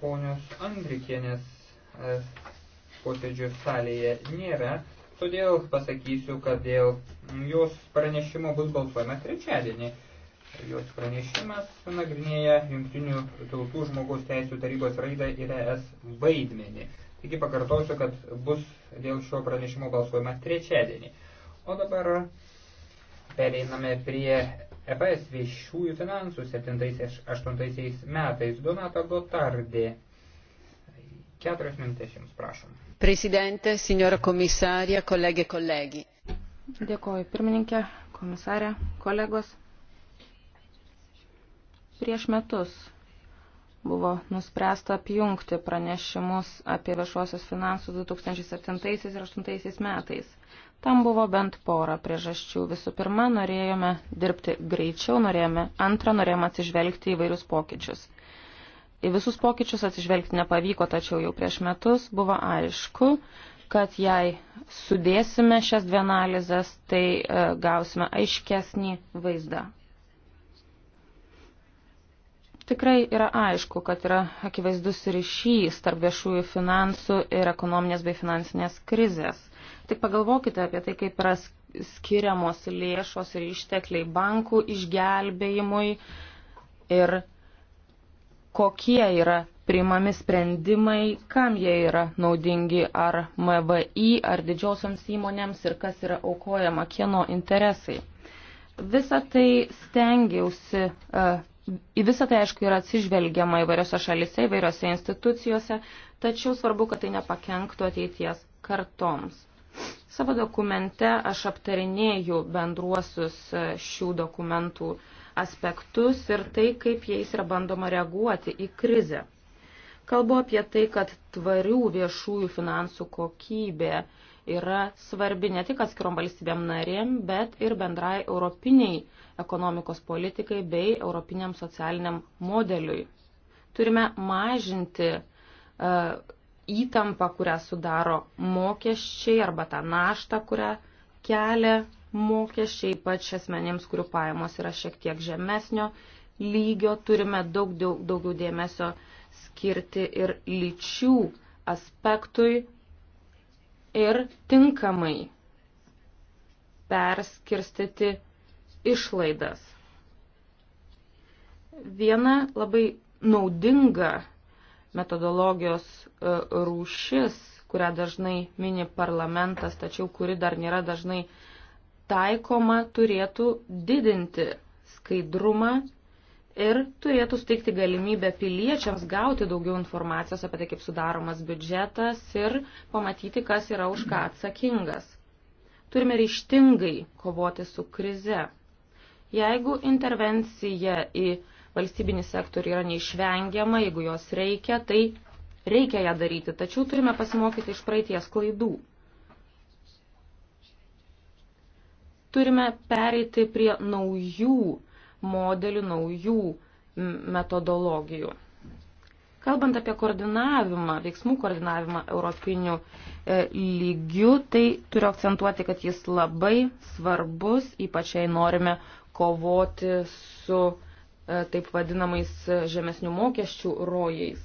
ponios Andrikienės e, posėdžių salėje nėra, todėl pasakysiu, kad dėl jos pranešimo bus balsuojama trečiadienį. Jos pranešimas nagrinėja Junktinių tautų žmogaus teisų tarybos raidą ir ES vaidmenį. Taigi pakartosiu, kad bus dėl šio pranešimo balsuojama trečiadienį. O dabar pereiname prie EPS viešųjų finansų 7-8 metais. Donata Gotardė. Keturios minutės jums prašom. Prezidente, signora komisarė, kolegė, kolegi. E Dėkoju pirmininkė, komisarė, kolegos. Prieš metus buvo nuspręsta apjungti pranešimus apie viešuosius finansus 2007 ir 2008 metais. Tam buvo bent pora priežasčių. Visų pirma, norėjome dirbti greičiau, norėjome, antra, norėjome atsižvelgti į vairius pokyčius. Į visus pokyčius atsižvelgti nepavyko, tačiau jau prieš metus buvo aišku, kad jei sudėsime šias dvi analizės, tai e, gausime aiškesnį vaizdą Tikrai yra aišku, kad yra akivaizdus ryšys tarp viešųjų finansų ir ekonominės bei finansinės krizės. Tik pagalvokite apie tai, kaip yra skiriamos lėšos ir ištekliai bankų išgelbėjimui ir kokie yra priimami sprendimai, kam jie yra naudingi ar MVI, ar didžiosioms įmonėms ir kas yra aukojama, kieno interesai. Visą tai stengiausi uh, Į visą tai, aišku, yra atsižvelgiama įvairiose šalise, įvairiose institucijose, tačiau svarbu, kad tai nepakenktų ateities kartoms. Savo dokumente aš aptarinėju bendruosius e, šių dokumentų aspektus ir tai, kaip jais yra bandoma reaguoti į krizę. Kalbu apie tai, kad tvarių viešųjų finansų kokybė yra svarbi ne tik atskirom valstybėm narėm, bet ir bendrai europiniai ekonomikos politikai bei europiniam socialiniam modeliui. Turime mažinti uh, įtampą, kurią sudaro mokesčiai arba tą naštą, kurią kelia mokesčiai, ypač asmenėms, kurių pajamos yra šiek tiek žemesnio lygio. Turime daug, daug daugiau dėmesio uh, skirti ir lyčių aspektui ir tinkamai perskirstyti išlaidas. Viena labai naudinga metodologijos e, rūšis, kurią dažnai mini parlamentas, tačiau kuri dar nėra dažnai taikoma, turėtų didinti skaidrumą ir turėtų steigti galimybę piliečiams gauti daugiau informacijos apie tai, kaip sudaromas biudžetas ir pamatyti, kas yra už ką atsakingas. Turime ryštingai kovoti su krize. Jeigu intervencija į valstybinį sektorių yra neišvengiama, jeigu jos reikia, tai reikia ją daryti, tačiau turime pasimokyti iš praeities klaidų. Turime pereiti prie naujų modelių, naujų metodologijų. Kalbant apie koordinavimą, veiksmų koordinavimą europinių e, lygių, tai turiu akcentuoti, kad jis labai svarbus, ypač jei norime kovoti su e, taip vadinamais žemesnių mokesčių rojais.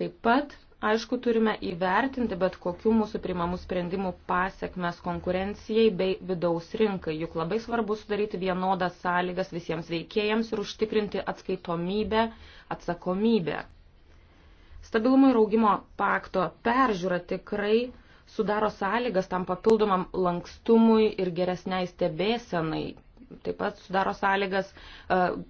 Taip pat Aišku, turime įvertinti bet kokių mūsų primamų sprendimų pasiekmes konkurencijai bei vidaus rinkai, juk labai svarbu sudaryti vienodas sąlygas visiems veikėjams ir užtikrinti atskaitomybę, atsakomybę. Stabilumo ir augimo pakto peržiūra tikrai sudaro sąlygas tam papildomam lankstumui ir geresniai stebėsenai. Taip pat sudaro sąlygas uh,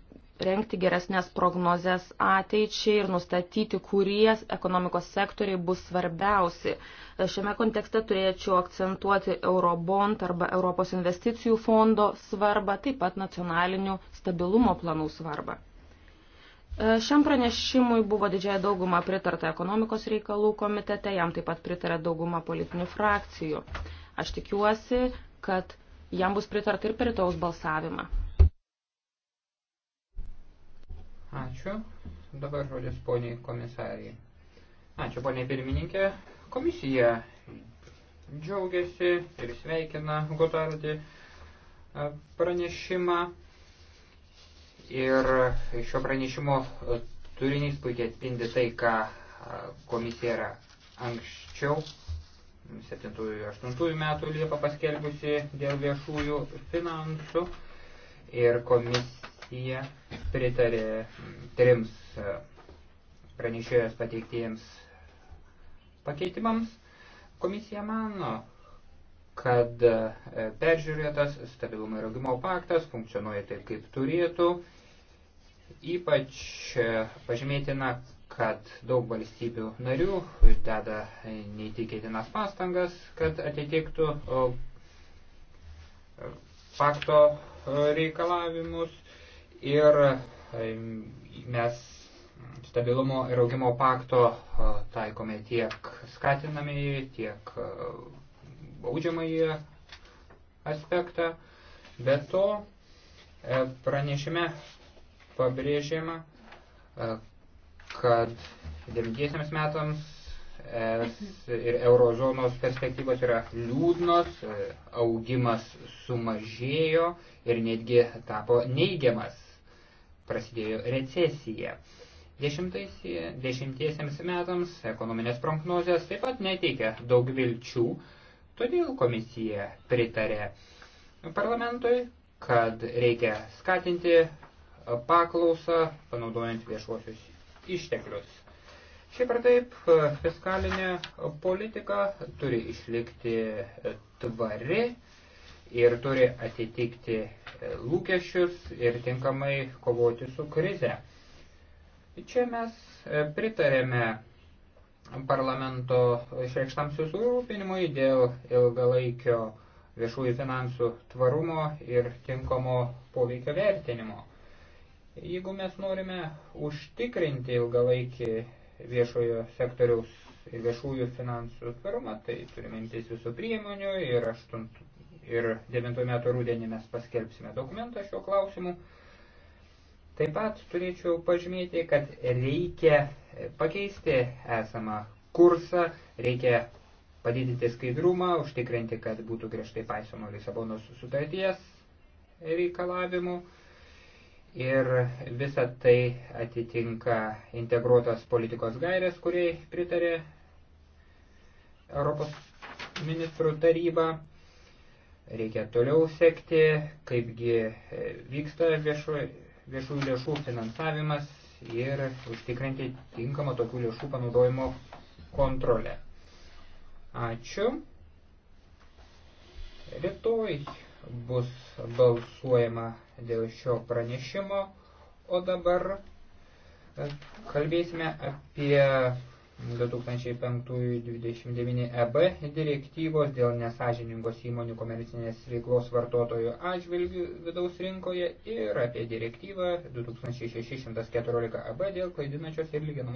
renkti geresnės prognozes ateičiai ir nustatyti, kurie ekonomikos sektoriai bus svarbiausi. Šiame kontekste turėčiau akcentuoti Eurobond arba Europos investicijų fondo svarbą, taip pat nacionalinių stabilumo planų svarbą. E, šiam pranešimui buvo didžiai dauguma pritarta ekonomikos reikalų komitete, jam taip pat pritarė dauguma politinių frakcijų. Aš tikiuosi, kad jam bus pritarta ir per rytojus balsavimą. Ačiū. Dabar žodis poniai komisarijai. Ačiū, poniai pirmininkė. Komisija džiaugiasi ir sveikina Gotardį e, pranešimą. Ir šio pranešimo turinys puikiai atspindi tai, ką e, komisija yra anksčiau 7-8 metų Liepa paskelbusi dėl viešųjų finansų ir komisija Jie pritarė trims e, pranešėjos pateiktiems pakeitimams. Komisija mano, kad e, peržiūrėtas stabilumo ir augimo paktas funkcionuoja taip, kaip turėtų. Ypač e, pažymėtina, kad daug valstybių narių deda neįtikėtinas pastangas, kad atitiktų pakto reikalavimus ir mes stabilumo ir augimo pakto taikome tiek skatinamieji, tiek baudžiamąjį aspektą. Be to, e, pranešime pabrėžiama, kad 90 metams mhm. ir eurozonos perspektyvos yra liūdnos, e, augimas sumažėjo ir netgi tapo neigiamas prasidėjo recesija. Dešimtiesiems metams ekonominės prognozijos taip pat neteikia daug vilčių, todėl komisija pritarė parlamentui, kad reikia skatinti paklausą, panaudojant viešuosius išteklius. Šiaip ar taip, fiskalinė politika turi išlikti tvari, ir turi atitikti e, lūkesčius ir tinkamai kovoti su krize. Čia mes e, pritarėme parlamento išreikštam susirūpinimui dėl ilgalaikio viešųjų finansų tvarumo ir tinkamo poveikio vertinimo. Jeigu mes norime užtikrinti ilgalaikį viešojo sektoriaus ir viešųjų finansų tvarumą, tai turime imtis visų priemonių ir aštuntų ir 9 metų rūdienį mes paskelbsime dokumentą šiuo klausimu. Taip pat turėčiau pažymėti, kad reikia pakeisti esamą kursą, reikia padidinti skaidrumą, užtikrinti, kad būtų griežtai paisoma Lisabonos sutarties reikalavimų. Ir visa tai atitinka integruotas politikos gairės, kuriai pritarė Europos ministrų taryba. Reikia toliau sekti, kaipgi e, vyksta viešo, viešų lėšų finansavimas ir užtikrinti tinkamą tokių lėšų panaudojimo kontrolę. Ačiū. Rytoj bus balsuojama dėl šio pranešimo, o dabar e, kalbėsime apie 2005-29 EB direktyvos dėl nesažiningos įmonių komercinės veiklos vartotojų atžvilgių vidaus rinkoje ir apie direktyvą 2614 EB dėl klaidinančios ir lyginamos